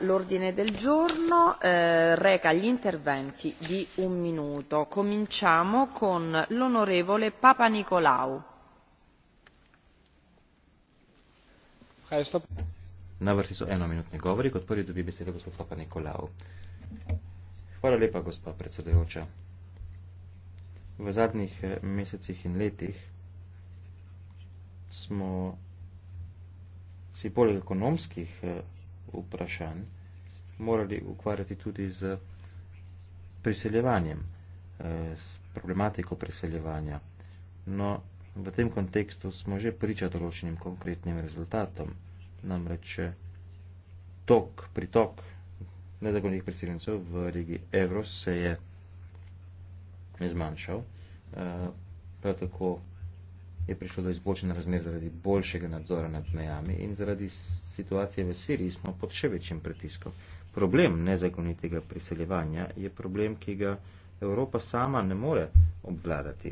l'ordine del giorno eh, reca gli interventi di un minuto. Cominciamo con l'onorevole Papa Nicolau. Na vrsti so enominutni govori, kot prvi dobi besedo gospod Papa Nikolao. Hvala lepa, gospod predsedujoča. V zadnjih eh, mesecih in letih smo si poleg ekonomskih eh, vprašanj morali ukvarjati tudi z priseljevanjem, eh, s problematiko priseljevanja. No, v tem kontekstu smo že priča določenim konkretnim rezultatom, namreč eh, tok, pritok nezakonitih priseljencev v regiji Evros se je zmanjšal, eh, prav tako je prišlo do izboljšanja razmer zaradi boljšega nadzora nad mejami in zaradi situacije v Siriji smo pod še večjim pritiskom. Problem nezakonitega priseljevanja je problem, ki ga Evropa sama ne more obvladati.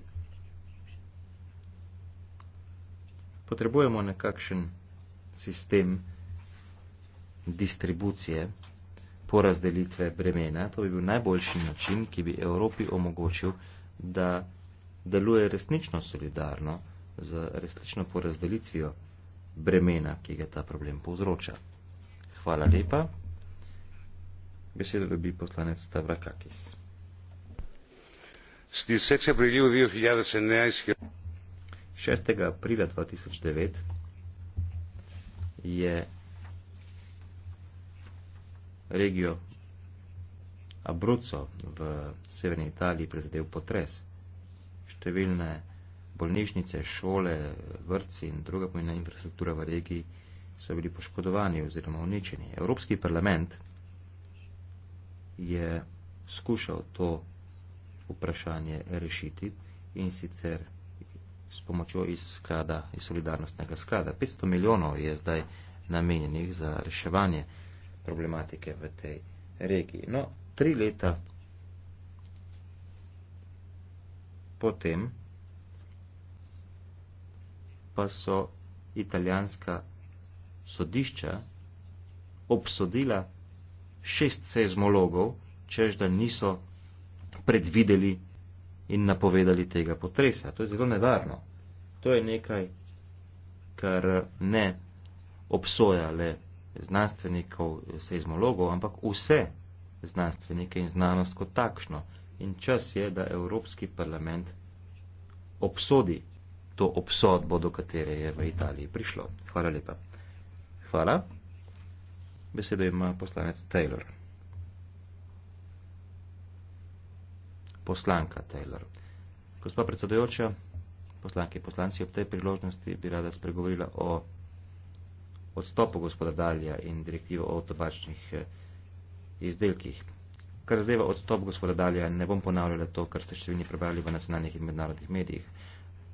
Potrebujemo nekakšen sistem distribucije, porazdelitve bremena. To bi bil najboljši način, ki bi Evropi omogočil, da deluje resnično solidarno z resnično porazdelitvijo bremena, ki ga ta problem povzroča. Hvala lepa. Besedo dobi poslanec Stavrakakis. Šestega aprila 2009 je regijo Abruzzo v severni Italiji prizadel potres. Številne bolnišnice, šole, vrtci in druga pomembna infrastruktura v regiji so bili poškodovani oziroma uničeni. Evropski parlament je skušal to vprašanje rešiti in sicer s pomočjo iz sklada, iz solidarnostnega sklada. 500 milijonov je zdaj namenjenih za reševanje problematike v tej regiji. No, tri leta potem pa so italijanska sodišča obsodila šest seizmologov, čež da niso predvideli in napovedali tega potresa. To je zelo nevarno. To je nekaj, kar ne obsoja le znanstvenikov, seizmologov, ampak vse znanstvenike in znanost kot takšno. In čas je, da Evropski parlament obsodi to obsodbo, do katere je v Italiji prišlo. Hvala lepa. Hvala. Besedo ima poslanec Taylor. Poslanka Taylor. Gospa predsedojoča, poslanke in poslanci, ob tej priložnosti bi rada spregovorila o odstopu gospoda Dalija in direktivo o tobačnih eh, izdelkih. Kar zadeva odstop gospoda Dalija, ne bom ponavljala to, kar ste številni prebrali v nacionalnih in mednarodnih medijih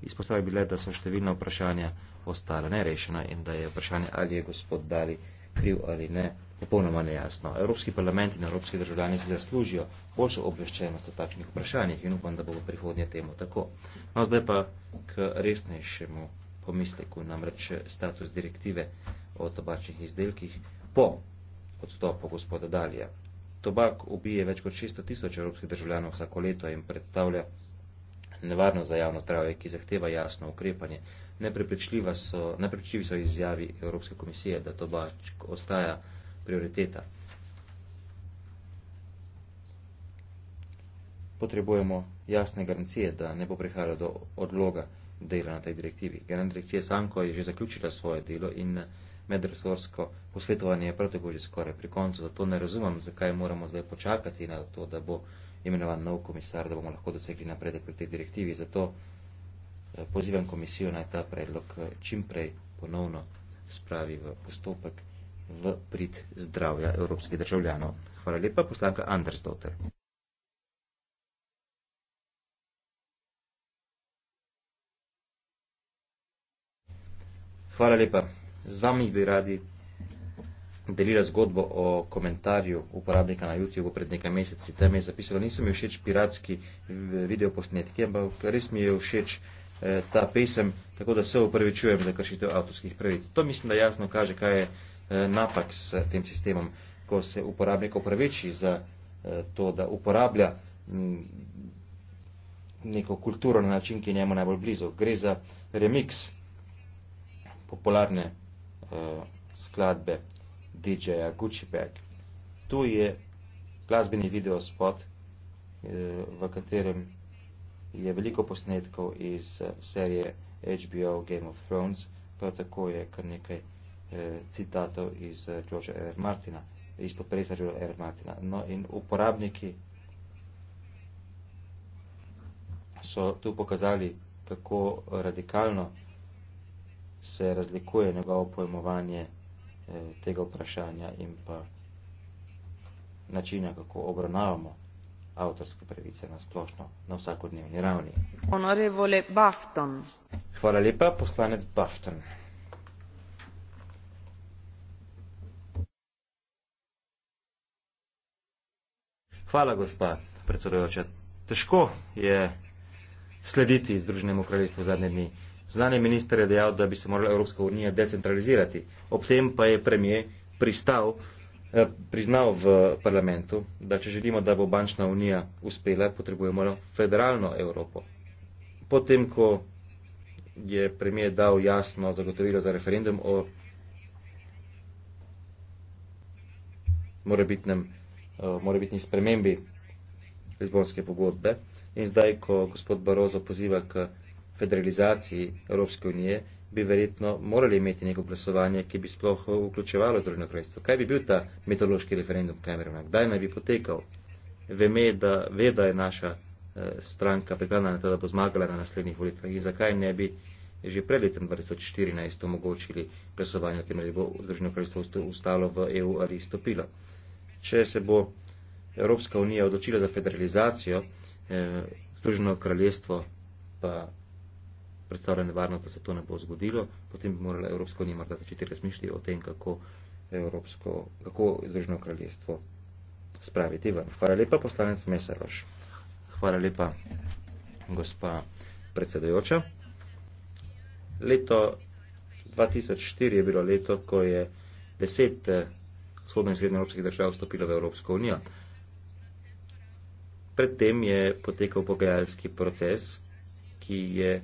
izpostavili bile, da so številna vprašanja ostala nerešena in da je vprašanje, ali je gospod Dali kriv ali ne, popolnoma nejasno. Evropski parlament in evropski državljani si zaslužijo boljšo obveščenost o takšnih vprašanjih in upam, da bo v prihodnje temu tako. No, zdaj pa k resnejšemu pomisleku, namreč status direktive o tobačnih izdelkih po odstopu gospoda Dalija. Tobak ubije več kot 600 tisoč evropskih državljanov vsako leto in predstavlja nevarno za javno zdravje, ki zahteva jasno ukrepanje. So, neprepričljivi so izjavi Evropske komisije, da tobačk ostaja prioriteta. Potrebujemo jasne garancije, da ne bo prihajalo do odloga dela na tej direktivi. Generalna direkcija Sanko je že zaključila svoje delo in medresorsko posvetovanje je prav tako že skoraj pri koncu, zato ne razumem, zakaj moramo zdaj počakati na to, da bo imenovan nov komisar, da bomo lahko dosegli napredek pri tej direktivi. Zato eh, pozivam komisijo naj ta predlog eh, čim prej ponovno spravi v postopek v prid zdravja evropskih državljanov. Hvala lepa, poslanka Anders Dotter. Hvala lepa. Z vami bi radi delila zgodbo o komentarju uporabnika na YouTube pred nekaj meseci. Tam je zapisala, niso mi všeč piratski eh, videoposnetki, ampak res mi je všeč eh, ta pesem, tako da se upravičujem za kršitev avtorskih pravic. To mislim, da jasno kaže, kaj je eh, napak s tem sistemom, ko se uporabnik upraviči za to, da uporablja mm, neko kulturo na način, ki je njemu najbolj blizu. Gre za remix popularne skladbe DJ-ja Gucci Bag. Tu je glasbeni video spot, eh, v katerem je veliko posnetkov iz eh, serije HBO Game of Thrones, prav tako je kar nekaj eh, citatov iz George R. Martina, iz podpresa George R. Martina. No in uporabniki so tu pokazali, kako radikalno se razlikuje njegovo pojmovanje Eh, tega vprašanja in pa načina, kako obravnavamo avtorske pravice na splošno, na vsakodnevni ravni. Honorevole Bafton. Hvala lepa, poslanec Bafton. Hvala, gospa predsedujoča. Težko je slediti Združenemu kraljestvu zadnje dni. Zunani minister je dejal, da bi se morala Evropska unija decentralizirati. Ob tem pa je premije pristal, eh, priznal v parlamentu, da če želimo, da bo bančna unija uspela, potrebujemo federalno Evropo. Potem, ko je premije dal jasno zagotovilo za referendum o morebitnem, eh, morebitni spremembi izbonske pogodbe in zdaj, ko gospod Barozo poziva k federalizaciji Evropske unije, bi verjetno morali imeti neko glasovanje, ki bi sploh vključevalo Združeno kraljestvo. Kaj bi bil ta metološki referendum Camerona? Kdaj naj bi potekal? Veme, da ve, da je naša e, stranka pripravljena na to, da bo zmagala na naslednjih volitvah in zakaj ne bi že pred letem 2014 omogočili glasovanje, ki naj bo Združeno kraljestvo ustalo v EU ali izstopilo. Če se bo Evropska unija odločila za federalizacijo, e, Združeno kraljestvo pa predstavlja nevarnost, da se to ne bo zgodilo, potem bi morala Evropska unija morda začeti razmišljati o tem, kako, Evropsko, kako Združeno kraljestvo spraviti ven. Hvala lepa, poslanec Meseroš. Hvala lepa, gospa predsedajoča. Leto 2004 je bilo leto, ko je deset eh, vzhodno in srednje evropskih držav vstopilo v Evropsko unijo. Predtem je potekal pogajalski proces, ki je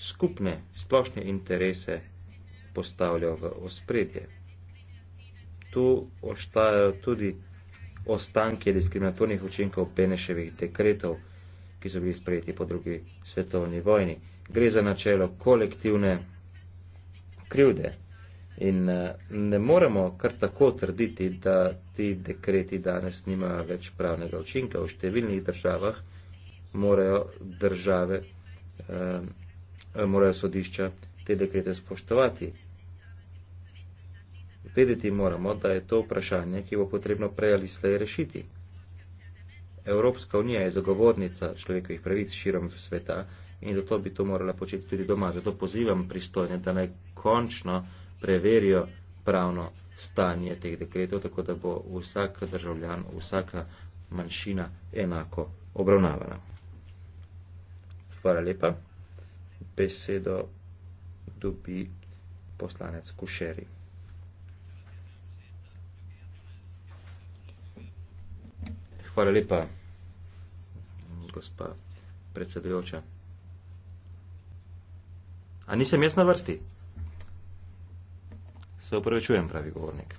skupne splošne interese postavljal v ospredje. Tu oštajajo tudi ostanke diskriminatornih učinkov Beneševih dekretov, ki so bili sprejeti po drugi svetovni vojni. Gre za načelo kolektivne krivde in eh, ne moremo kar tako trditi, da ti dekreti danes nimajo več pravnega učinka. V številnih državah morajo države eh, Eh, morajo sodišča te dekrete spoštovati. Vedeti moramo, da je to vprašanje, ki bo potrebno prej ali slej rešiti. Evropska unija je zagovornica človekovih pravic širom sveta in zato bi to morala početi tudi doma. Zato pozivam pristojne, da naj končno preverijo pravno stanje teh dekretov, tako da bo vsak državljan, vsaka manjšina enako obravnavana. Hvala lepa besedo dobi poslanec Kušeri. Hvala lepa, gospa predsedujoča. A nisem jaz na vrsti? Se upravičujem, pravi govornik.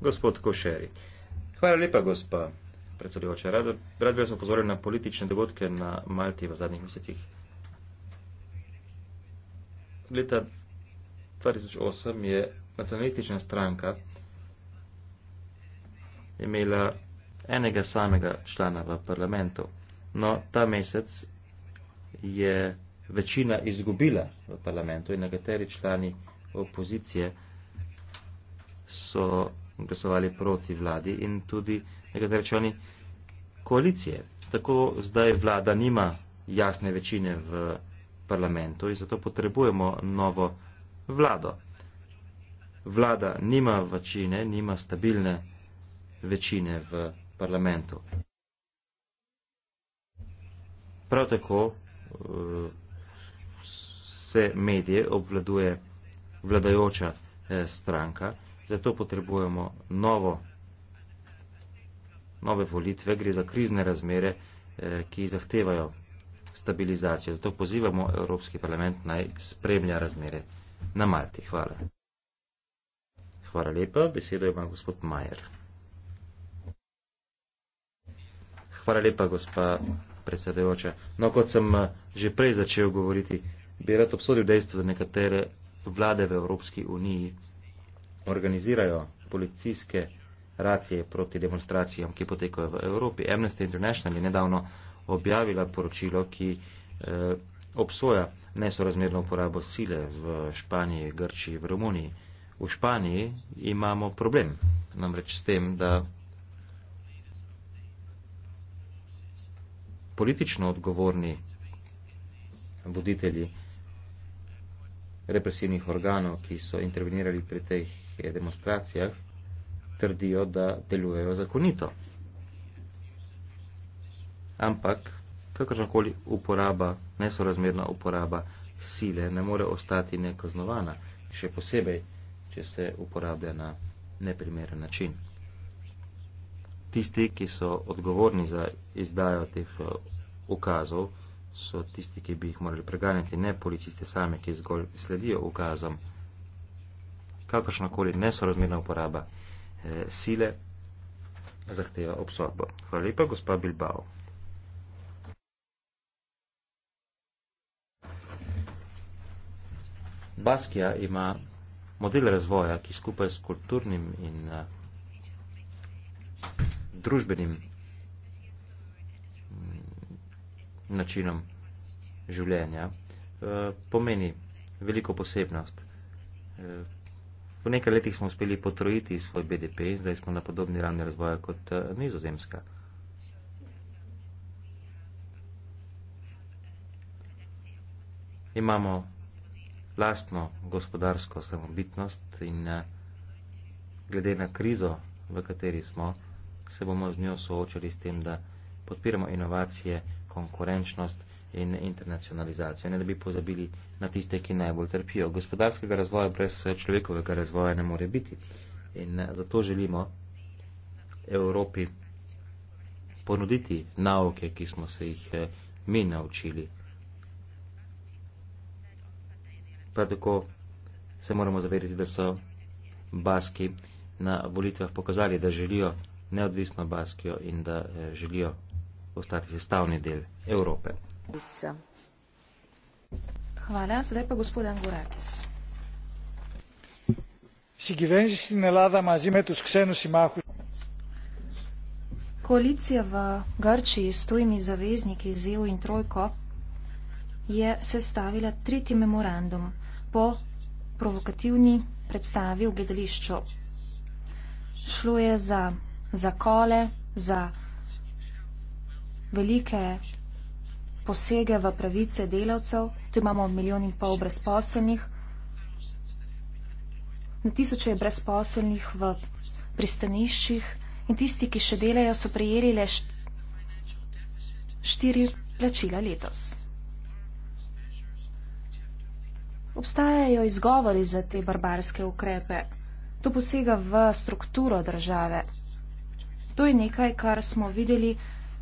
Gospod Košeri, Hvala lepa, gospa predsedujoča. Rad, rad bi vas opozoril na politične dogodke na Malti v zadnjih mesecih. Leta 2008 je nacionalistična stranka imela enega samega člana v parlamentu. No, ta mesec je večina izgubila v parlamentu in nekateri člani opozicije so glasovali proti vladi in tudi nekateri člani koalicije. Tako zdaj vlada nima jasne večine v parlamentu in zato potrebujemo novo vlado. Vlada nima večine, nima stabilne večine v parlamentu. Prav tako eh, se medije obvladuje vladajoča eh, stranka. Zato potrebujemo novo, nove volitve, gre za krizne razmere, eh, ki zahtevajo stabilizacijo. Zato pozivamo Evropski parlament naj spremlja razmere na Malti. Hvala. Hvala lepa. Besedo ima gospod Majer. Hvala lepa, gospa predsedajoča. No, kot sem eh, že prej začel govoriti, bi rad obsodil dejstvo, da nekatere vlade v Evropski uniji organizirajo policijske racije proti demonstracijam, ki potekajo v Evropi. Amnesty International je nedavno objavila poročilo, ki eh, obsoja nesorazmerno uporabo sile v Španiji, Grčiji, v Romuniji. V Španiji imamo problem namreč s tem, da politično odgovorni voditelji represivnih organov, ki so intervenirali pri teh demonstracijah trdijo, da delujejo zakonito. Ampak, kakršnakoli uporaba, nesorazmerna uporaba sile ne more ostati nekaznovana, še posebej, če se uporablja na neprimeren način. Tisti, ki so odgovorni za izdajo teh eh, ukazov, so tisti, ki bi jih morali preganjati, ne policiste same, ki zgolj sledijo ukazom kakršnakoli nesorazmerna uporaba eh, sile zahteva obsodbo. Hvala lepa, gospa Bilbao. Baskija ima model razvoja, ki skupaj s kulturnim in uh, družbenim mm, načinom življenja uh, pomeni veliko posebnost. Uh, V nekaj letih smo uspeli potrojiti svoj BDP, zdaj smo na podobni ravni razvoja kot eh, nizozemska. Imamo lastno gospodarsko samobitnost in eh, glede na krizo, v kateri smo, se bomo z njo soočali s tem, da podpiramo inovacije, konkurenčnost, in internacionalizacijo, ne da bi pozabili na tiste, ki najbolj trpijo. Gospodarskega razvoja brez človekovega razvoja ne more biti. In eh, zato želimo Evropi ponuditi nauke, ki smo se jih eh, mi naučili. Prav tako se moramo zavedati, da so Baski na volitvah pokazali, da želijo neodvisno Baskijo in da eh, želijo ostati sestavni del Evrope. Hvala. Zdaj pa gospod Angurakis. Si givenži si ne lada mazi metu s ksenu si mahu. Koalicija v Grčiji s tujimi zavezniki z EU in Trojko je sestavila tretji memorandum po provokativni predstavi v gledališču. Šlo je za zakole, za velike posege v pravice delavcev, tu imamo milijon in pol brezposelnih, na tisoče je brezposelnih v pristaniščih in tisti, ki še delajo, so prijeli le štiri plačila letos. Obstajajo izgovori za te barbarske ukrepe. To posega v strukturo države. To je nekaj, kar smo videli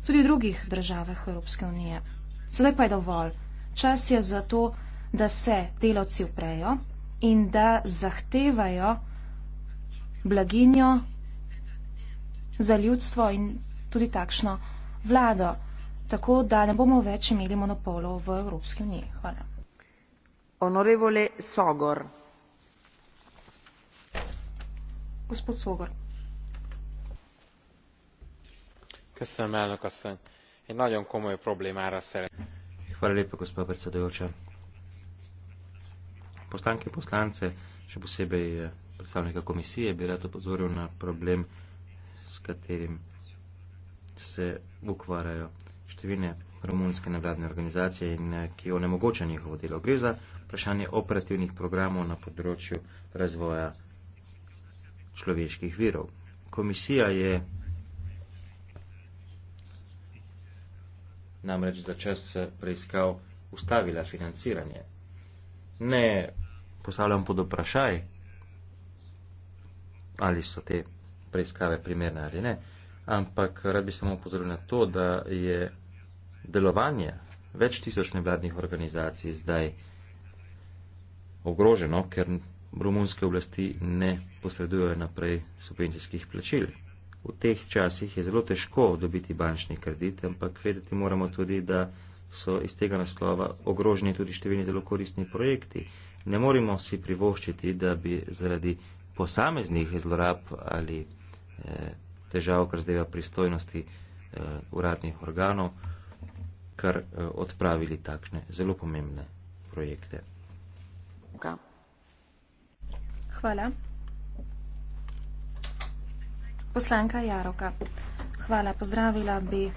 tudi v drugih državah Evropske unije. Sedaj pa je dovolj. Čas je za to, da se delavci uprejo in da zahtevajo blaginjo za ljudstvo in tudi takšno vlado, tako da ne bomo več imeli monopolov v Evropski uniji. Hvala. Honorevole Sogor. Köszönöm elnök asszony. Tisztelt képviselőtársaim! egy nagyon komoly problémára szeret. Hvala lepa, gospod predsedujoča. Poslanke, poslance, še posebej eh, predstavnika komisije, bi rad opozoril na problem, s katerim se ukvarjajo številne romunske nevladne organizacije in eh, ki onemogoča njihovo delo. Gre za vprašanje operativnih programov na področju razvoja človeških virov. Komisija je namreč za čas preiskav ustavila financiranje. Ne postavljam pod vprašaj, ali so te preiskave primerne ali ne, ampak rad bi samo upozoril na to, da je delovanje več tisoč nevladnih organizacij zdaj ogroženo, ker romunske oblasti ne posredujejo naprej subvencijskih plačil v teh časih je zelo težko dobiti bančni kredit, ampak vedeti moramo tudi, da so iz tega naslova ogroženi tudi številni zelo koristni projekti. Ne moremo si privoščiti, da bi zaradi posameznih zlorab ali eh, težav, kar zdaj je pristojnosti eh, uradnih organov, kar eh, odpravili takšne zelo pomembne projekte. Hvala. Poslanka Jaroka. Hvala. Pozdravila bi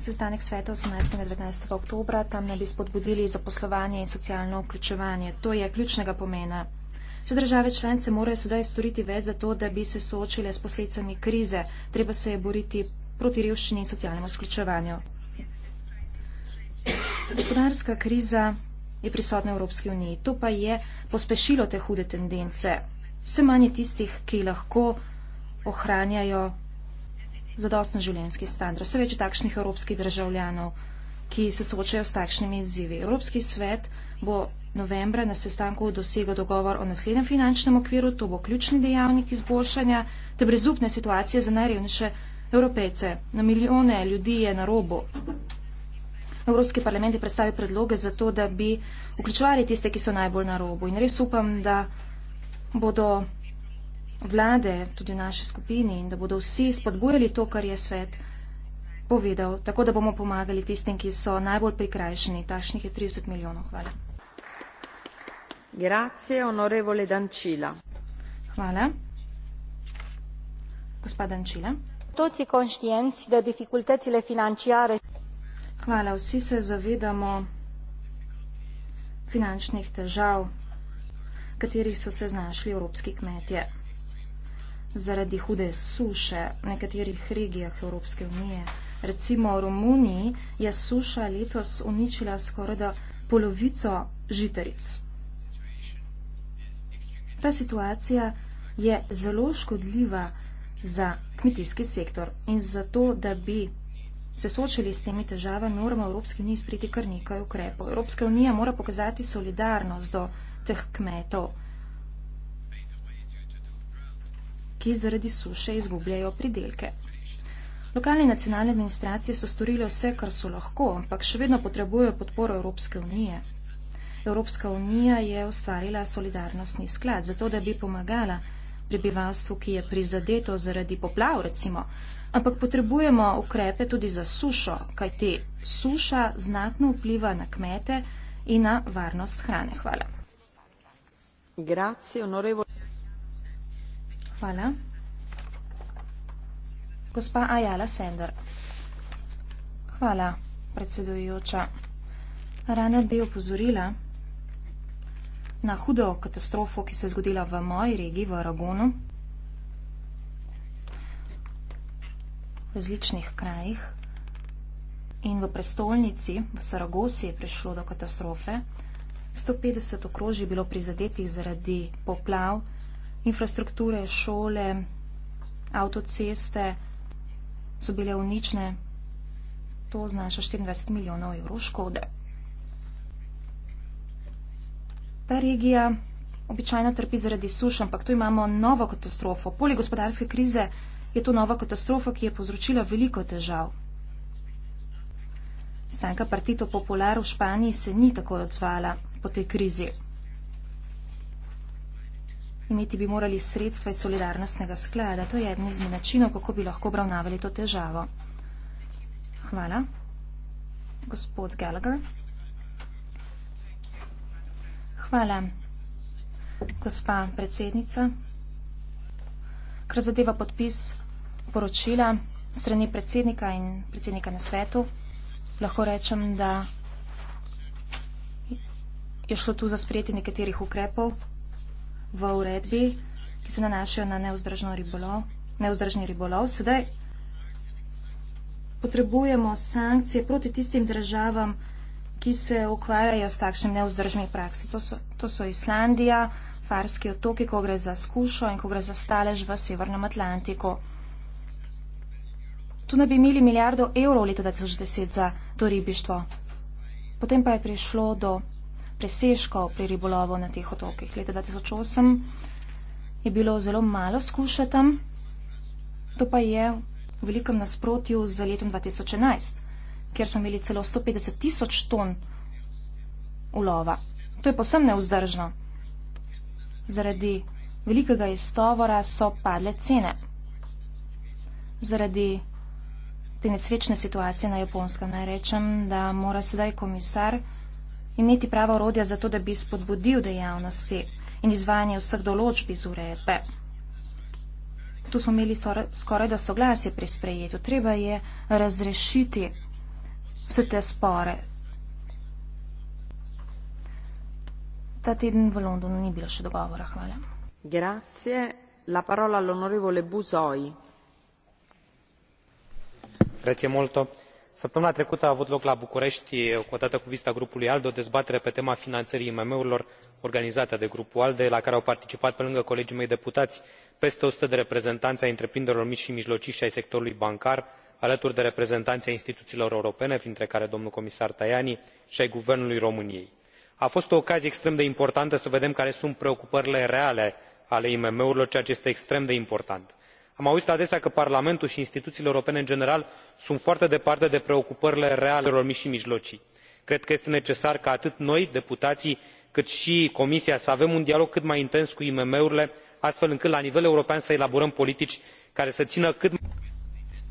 sestanek sveta 18. in 19. oktober. Tam naj bi spodbudili zaposlovanje in socialno vključevanje. To je ključnega pomena. Vse države članice morajo sedaj storiti več za to, da bi se soočile s posledicami krize. Treba se je boriti proti revščini in socialnemu izključevanju. Gospodarska kriza je prisotna v Evropski uniji. To pa je pospešilo te hude tendence vse manje tistih, ki lahko ohranjajo zadosten življenski standard. Vse več takšnih evropskih državljanov, ki se soočajo s takšnimi izzivi. Evropski svet bo novembra na sestanku dosegel dogovor o naslednjem finančnem okviru, to bo ključni dejavnik izboljšanja te brezupne situacije za najrevnejše evropejce. Na milijone ljudi je na robu. Evropski parlament je predstavil predloge za to, da bi vključevali tiste, ki so najbolj na robu. In res upam, da bodo vlade, tudi v naši skupini, in da bodo vsi spodbujali to, kar je svet povedal, tako da bomo pomagali tistim, ki so najbolj prikrajšani. Takšnih je 30 milijonov. Hvala. Hvala. Gospa Dančila. Hvala. Vsi se zavedamo finančnih težav katerih so se znašli evropski kmetje. Zaradi hude suše v nekaterih regijah Evropske unije, recimo v Romuniji, je suša letos uničila skoraj da polovico žitaric. Ta situacija je zelo škodljiva za kmetijski sektor in zato, da bi se sočili s temi težavami, moramo Evropski uniji spriti kar nekaj ukrepov. Evropska unija mora pokazati solidarnost do teh kmetov, ki zaradi suše izgubljajo pridelke. Lokalne in nacionalne administracije so storile vse, kar so lahko, ampak še vedno potrebujejo podporo Evropske unije. Evropska unija je ustvarila solidarnostni sklad, zato da bi pomagala prebivalstvu, ki je prizadeto zaradi poplav, recimo. Ampak potrebujemo ukrepe tudi za sušo, kajti suša znatno vpliva na kmete in na varnost hrane. Hvala. Hvala, predsedujoča. Rada bi opozorila na hudo katastrofo, ki se je zgodila v moji regiji, v Aragonu, v različnih krajih in v prestolnici, v Saragosi, je prišlo do katastrofe. 150 okrožij bilo prizadetih zaradi poplav, infrastrukture, šole, avtoceste so bile unične. To znaša 24 milijonov evrov škode. Ta regija običajno trpi zaradi suš, ampak tu imamo novo katastrofo. Poleg gospodarske krize je to nova katastrofa, ki je povzročila veliko težav. Stanka Partito Popular v Španiji se ni tako odzvala po tej krizi. Imeti bi morali sredstva iz solidarnostnega sklada. To je eden izmed načinov, kako bi lahko obravnavali to težavo. Hvala. Gospod Gallagher. Hvala. Gospa predsednica. Kar zadeva podpis poročila strani predsednika in predsednika na svetu, lahko rečem, da je šlo tu za sprejeti nekaterih ukrepov v uredbi, ki se nanašajo na neuzdržni ribolov. Sedaj potrebujemo sankcije proti tistim državam, ki se ukvarjajo s takšnim neuzdržnim praksi. To so, to so Islandija, Farski otoki, ko gre za skušo in ko gre za stalež v Severnem Atlantiku. Tu naj bi imeli milijardo evrov leta 2010 za to ribištvo. Potem pa je prišlo do presežkov pri ribolovu na teh otokih. Leta 2008 je bilo zelo malo skušaj tam, to pa je v velikem nasprotju z letom 2011, kjer smo imeli celo 150 tisoč ton ulova. To je posebno neuzdržno. Zaradi velikega iztovora so padle cene. Zaradi te nesrečne situacije na Japonskem naj rečem, da mora sedaj komisar imeti pravo orodje za to, da bi spodbudil dejavnosti in izvajanje vseh določb iz uredbe. Tu smo imeli skoraj da soglasje pri sprejetju. Treba je razrešiti vse te spore. Ta teden v Londonu ni bilo še dogovora. Hvala. Grazie. La parola all'onorevole Busoi. Grazie molto săptămâna trecută a avut loc la bucureti odată cu vizita grupului alde o dezbatere pe tema finanării imm urilor organizată de grupul alde la care au participat pe lângă colegii mei deputai peste o sută de reprezentani ai întreprinderilor mici i mijlocii i ai sectorului bancar alături de reprezentani ai instituiilor europene printre care domnul comisar tajani i ai guvernului româniei. a fost o ocazie extrem de importantă să vedem care sunt preocupările reale ale imm urilor ceea ce este extrem de important am auzit adesea că parlamentul i instituiile europene în general sunt foarte departe de preocupările reale ale micilor i mijlocii. cred că este necesar ca atât noi deputaii cât i comisia să avem un dialog cât mai intens cu imm urile astfel încât la nivel european să elaborăm politici care să ină cât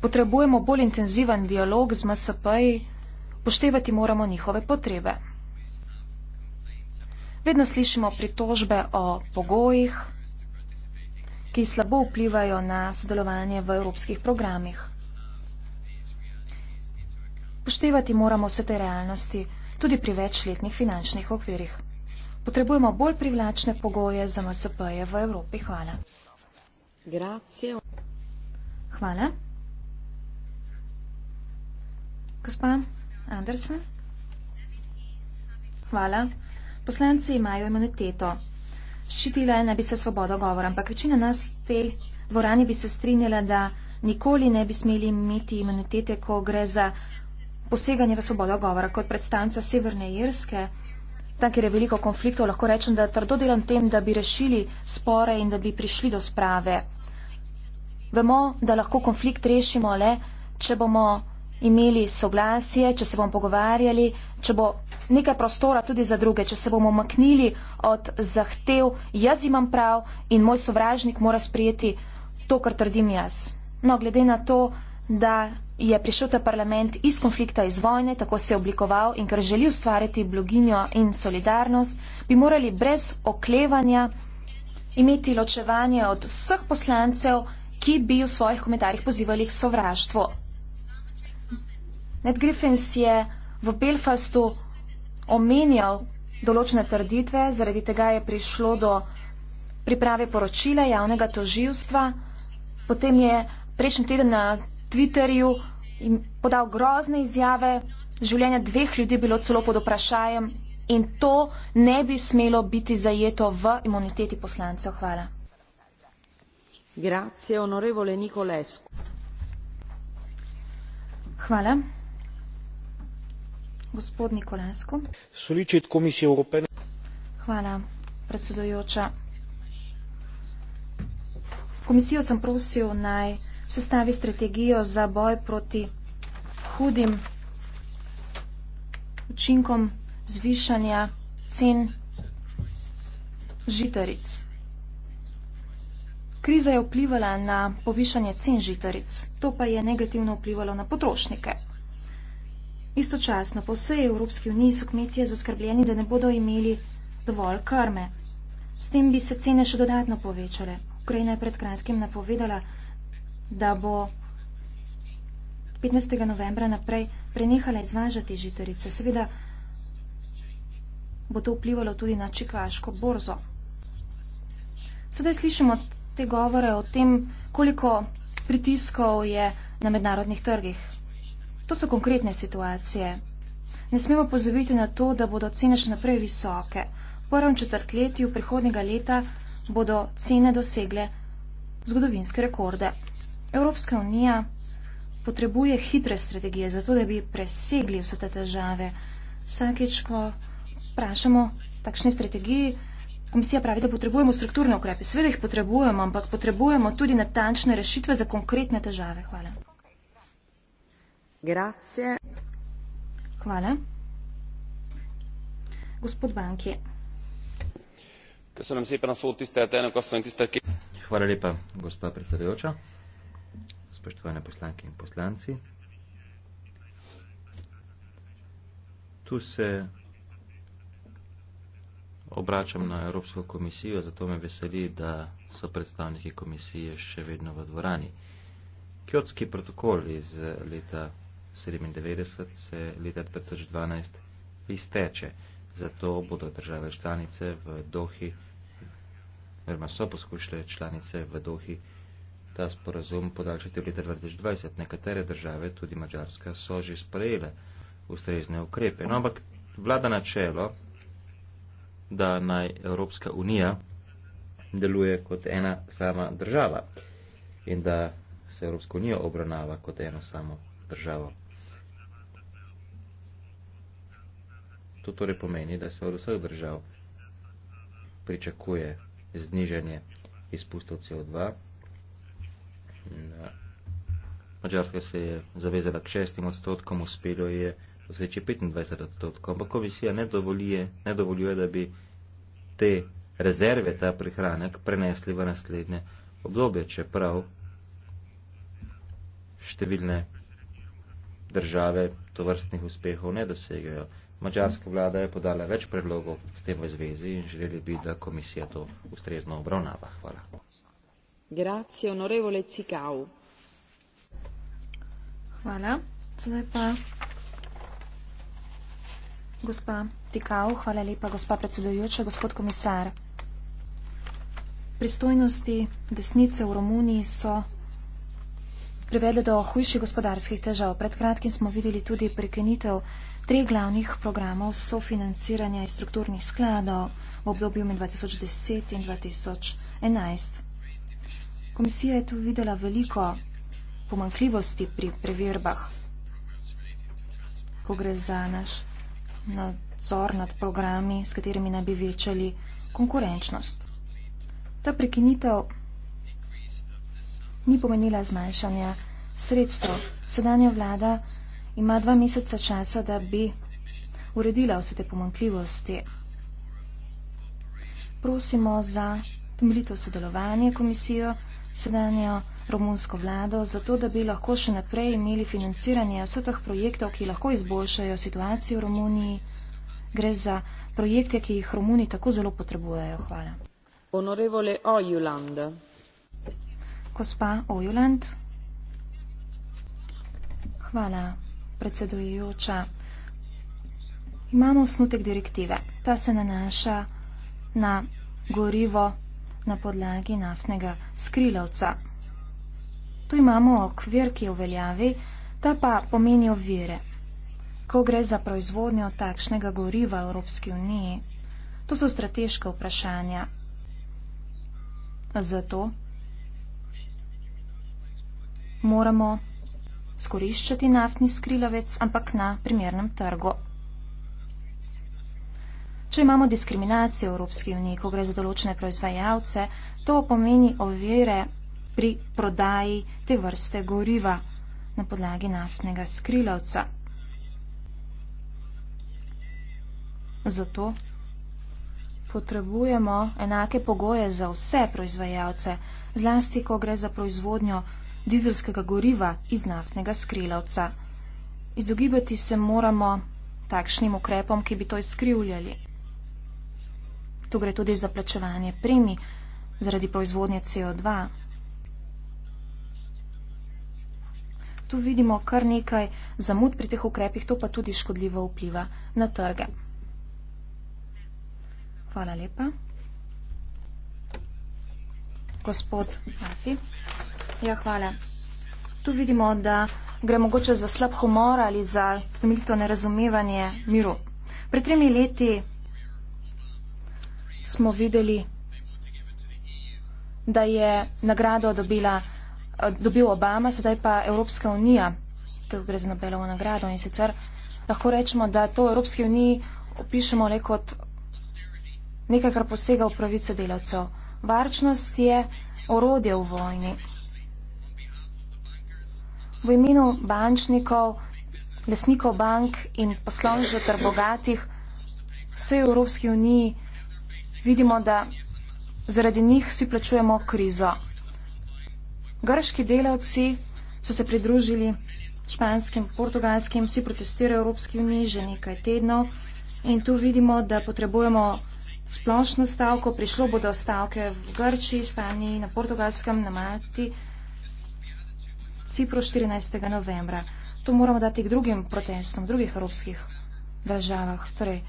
Potrebujemo bolj intenziven dialog z MSP-ji, poštevati moramo njihove potrebe. Vedno slišimo pritožbe o pogojih, ki slabo vplivajo na sodelovanje v evropskih programih. Poštevati moramo vse te realnosti, tudi pri večletnih finančnih okvirih. Potrebujemo bolj privlačne pogoje za MSP-je v Evropi. Hvala. Grazie. Hvala. Gospa Andersen. Hvala. Poslanci imajo imuniteto ščitile, ne bi se svobodo govora. Ampak večina nas v tej dvorani bi se strinjala, da nikoli ne bi smeli imeti imunitete, ko gre za poseganje v svobodo govora. Kot predstavnica Severne Irske, tam, kjer je veliko konfliktov, lahko rečem, da trdo delam tem, da bi rešili spore in da bi prišli do sprave. Vemo, da lahko konflikt rešimo le, če bomo imeli soglasje, če se bomo pogovarjali, če bo nekaj prostora tudi za druge, če se bomo maknili od zahtev, jaz imam prav in moj sovražnik mora sprijeti to, kar trdim jaz. No, glede na to, da je prišel ta parlament iz konflikta, iz vojne, tako se je oblikoval in ker želi ustvariti bloginjo in solidarnost, bi morali brez oklevanja imeti ločevanje od vseh poslancev, ki bi v svojih komentarjih pozivali k sovraštvu. Ned Griffins je v Belfastu omenjal določene trditve, zaradi tega je prišlo do priprave poročila javnega toživstva. Potem je prejšnji teden na Twitterju podal grozne izjave, življenje dveh ljudi bilo celo pod vprašajem in to ne bi smelo biti zajeto v imuniteti poslancev. Hvala. Grazie, onorevole Nicolescu. Hvala gospod Nikolescu. Solicit Komisije Evropene. Hvala, predsedujoča. Komisijo sem prosil naj sestavi strategijo za boj proti hudim učinkom zvišanja cen žitaric. Kriza je vplivala na povišanje cen žitaric, to pa je negativno vplivalo na potrošnike. Istočasno po vsej Evropski uniji so kmetije zaskrbljeni, da ne bodo imeli dovolj krme. S tem bi se cene še dodatno povečale. Ukrajina je pred kratkim napovedala, da bo 15. novembra naprej prenehala izvažati žitarice. Seveda bo to vplivalo tudi na čikvaško borzo. Sedaj slišimo te govore o tem, koliko pritiskov je na mednarodnih trgih. To so konkretne situacije. Ne smemo pozaviti na to, da bodo cene še naprej visoke. V prvem četrtletju prihodnega leta bodo cene dosegle zgodovinske rekorde. Evropska unija potrebuje hitre strategije, zato da bi presegli vse te težave. Vsakeč, ko vprašamo takšni strategiji, komisija pravi, da potrebujemo strukturne ukrepe. Sveda jih potrebujemo, ampak potrebujemo tudi natančne rešitve za konkretne težave. Hvala. Hvala. Gospod Banki. Ko so nam sepe na sod tiste Atene, ko so in tiste, ki... Hvala lepa, gospa predsedujoča. Spoštovane poslanke in poslanci. Tu se obračam na Evropsko komisijo, zato me veseli, da so predstavniki komisije še vedno v dvorani. Kjotski protokol iz leta 97 se leta 2012 izteče. Zato bodo države članice v Dohi, oziroma so poskušale članice v Dohi ta sporazum podaljšati v leta 2020. Nekatere države, tudi Mačarska, so že sprejele ustrezne ukrepe. No, ampak vlada načelo, da naj Evropska unija deluje kot ena sama država in da se Evropska unija obravnava kot eno samo državo. To torej pomeni, da se od vseh držav pričakuje znižanje izpustov CO2. Mačarska se je zavezala k 6 odstotkom, uspelo je doseči 25 odstotkom, ampak komisija ne dovoljuje, ne dovoljuje, da bi te rezerve, ta prihranek prenesli v naslednje obdobje, čeprav številne države to vrstnih uspehov ne dosegajo. Mačarska vlada je podala več predlogov s tem v zvezi in želeli bi, da komisija to ustrezno obravnava. Hvala. Grazie, onorevole Cikau. Hvala. Zdaj pa gospa Tikau, hvala lepa, gospa predsedujoča, gospod komisar. Pristojnosti desnice v Romuniji so privedle do hujših gospodarskih težav. Pred kratkim smo videli tudi prekenitev treh glavnih programov sofinanciranja iz strukturnih skladov v obdobju med 2010 in 2011. Komisija je tu videla veliko pomankljivosti pri preverbah, ko gre za naš nadzor nad programi, s katerimi naj bi večali konkurenčnost. Ta prekinitev ni pomenila zmanjšanja sredstev. Sedanja vlada ima dva meseca časa, da bi uredila vse te pomankljivosti. Prosimo za temeljito sodelovanje komisijo, sedanjo romunsko vlado, zato da bi lahko še naprej imeli financiranje vseh teh projektov, ki lahko izboljšajo situacijo v Romuniji. Gre za projekte, ki jih Romuni tako zelo potrebujejo. Hvala. Honorevole Ojuland. Gospa Ojuland. Hvala, predsedujoča. Imamo osnutek direktive. Ta se nanaša na gorivo na podlagi naftnega skrilavca. Tu imamo okvir, ki je v veljavi, ta pa pomeni ovire. Ko gre za proizvodnjo takšnega goriva v Evropski uniji, to so strateške vprašanja. Zato moramo skoriščati naftni skrilavec, ampak na primernem trgu. Če imamo diskriminacijo v Evropski uniji, ko gre za določene proizvajalce, to pomeni ovire pri prodaji te vrste goriva na podlagi naftnega skrilavca. Zato potrebujemo enake pogoje za vse proizvajalce, zlasti ko gre za proizvodnjo proizvodnjo dizelskega goriva iz naftnega skrilavca. Izogibati se moramo takšnim ukrepom, ki bi to izkrivljali. To gre tudi za plačevanje premi zaradi proizvodnje CO2. Tu vidimo kar nekaj zamud pri teh ukrepih, to pa tudi škodljivo vpliva na trge. Hvala lepa. Gospod Mafi. Ja, hvala. Tu vidimo, da gre mogoče za slab humor ali za temeljito nerazumevanje miru. Pred tremi leti smo videli, da je nagrado dobila, dobil Obama, sedaj pa Evropska unija. To gre za Nobelovo nagrado in sicer lahko rečemo, da to Evropski uniji opišemo le kot nekaj, kar posega v pravice delavcev. Varčnost je orodje v vojni v imenu bančnikov, lesnikov bank in poslovnežev ter bogatih vse v Evropski uniji vidimo, da zaradi njih vsi plačujemo krizo. Grški delavci so se pridružili španskim, portugalskim, vsi protestirajo v Evropski uniji že nekaj tednov in tu vidimo, da potrebujemo splošno stavko, prišlo bodo stavke v Grči, Španiji, na portugalskem, na Malti. Cipru 14. novembra. To moramo dati k drugim protestom, drugih evropskih državah. Torej,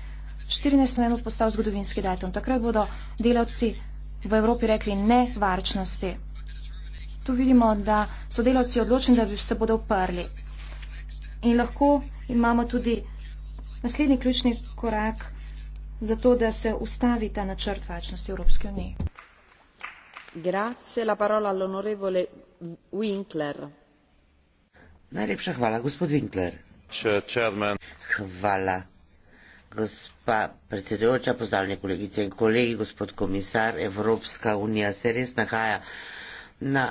14. novembra postal zgodovinski datum. Takrat bodo delavci v Evropi rekli ne varčnosti. Tu vidimo, da so delavci odločeni, da bi se bodo uprli. In lahko imamo tudi naslednji ključni korak za to, da se ustavi ta načrt varčnosti Evropske unije. Grazie, la parola all'onorevole Winkler. Najlepša hvala, gospod Winkler. Chairman. Hvala. Gospa predsedujoča, pozdravljeni kolegice in kolegi, gospod komisar, Evropska unija se res nahaja na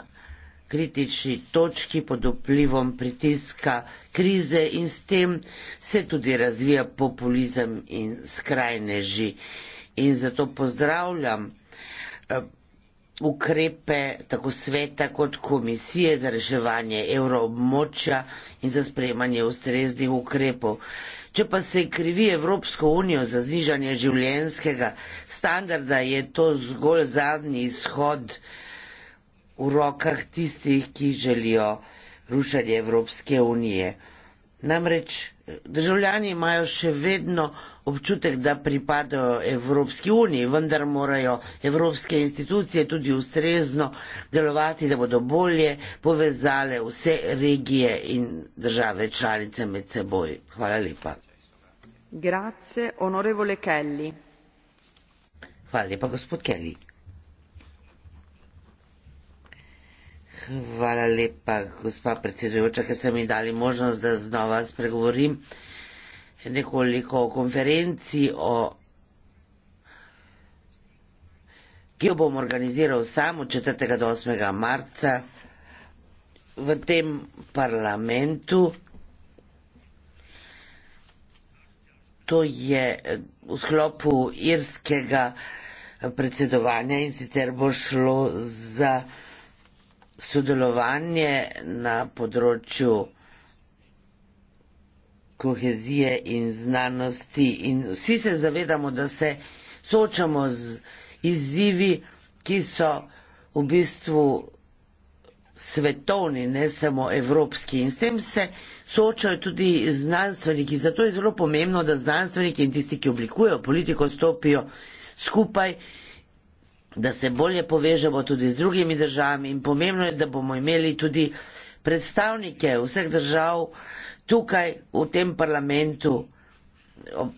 kritični točki pod vplivom pritiska krize in s tem se tudi razvija populizem in skrajneži. In zato pozdravljam eh, ukrepe tako sveta kot komisije za reševanje evroobmočja in za sprejemanje ustreznih ukrepov. Če pa se krivi Evropsko unijo za znižanje življenskega standarda, je to zgolj zadnji izhod v rokah tistih, ki želijo rušenje Evropske unije. Namreč državljani imajo še vedno občutek, da pripadajo Evropski uniji, vendar morajo evropske institucije tudi ustrezno delovati, da bodo bolje povezale vse regije in države članice med seboj. Hvala lepa. Grazie, onorevole Kelly. Hvala lepa, gospod Kelly. Hvala lepa, gospa predsedujoča, ker ste mi dali možnost, da znova spregovorim nekoliko o konferenci, o, ki jo bom organiziral sam od 4. do 8. marca v tem parlamentu. To je v sklopu irskega predsedovanja in sicer bo šlo za sodelovanje na področju kohezije in znanosti. In vsi se zavedamo, da se soočamo z izzivi, ki so v bistvu svetovni, ne samo evropski. In s tem se soočajo tudi znanstveniki. Zato je zelo pomembno, da znanstveniki in tisti, ki oblikujejo politiko, stopijo skupaj, da se bolje povežemo tudi z drugimi državami. In pomembno je, da bomo imeli tudi predstavnike vseh držav, tukaj v tem parlamentu ob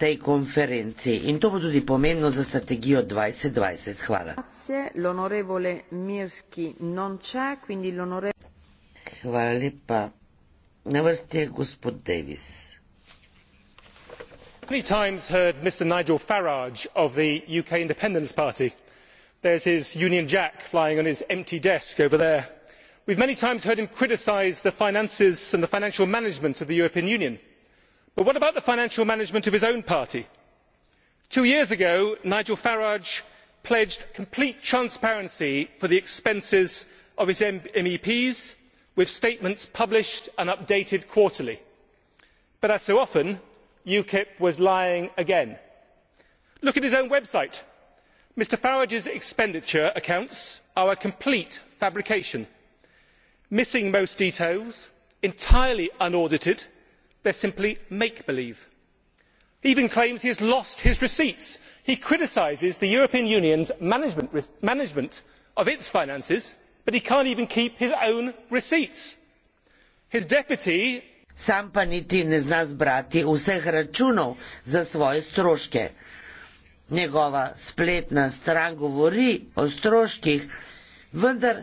tej konferenci. In to bo tudi pomembno za strategijo 2020. Hvala. Hvala lepa. Na vrsti je gospod Davis. Many times heard Mr Nigel Farage of the UK Independence Party. There's his Union Jack flying on his empty desk over there we have many times heard him criticise the finances and the financial management of the european union but what about the financial management of his own party? two years ago nigel farage pledged complete transparency for the expenses of his meps with statements published and updated quarterly but as so often ukip was lying again. look at his own website. mr farage's expenditure accounts are a complete fabrication missing most details entirely unaudited they are simply make believe. he even claims he has lost his receipts. he criticises the european union's management of its finances but he cannot even keep his own receipts. his deputy. sam pa niti ne zna zbrati vseh računov za svoje stroške njegova spletna stran govori o stroških vendar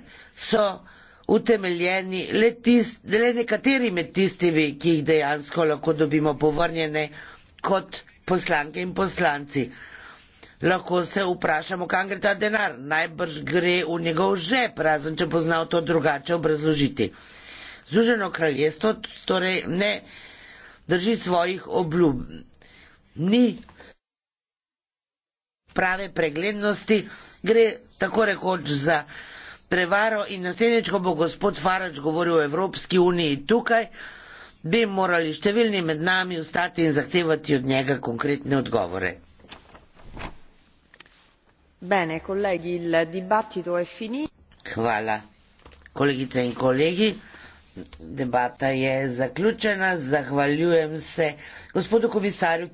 utemeljeni le, tist, le nekateri med tistimi, ki jih dejansko lahko dobimo povrnjene kot poslanke in poslanci. Lahko se vprašamo, kam gre ta denar. Najbrž gre v njegov žep, razen če bo znal to drugače obrazložiti. Združeno kraljestvo torej ne drži svojih obljub. Ni prave preglednosti, gre tako rekoč za prevaro in naslednjič, ko bo gospod Farač govoril o Evropski uniji tukaj, bi morali številni med nami ustati in zahtevati od njega konkretne odgovore. Bene, kolegi, il dibattito è finito. Hvala. Kolegice in kolegi, debata je zaključena. Zahvaljujem se gospodu komisarju.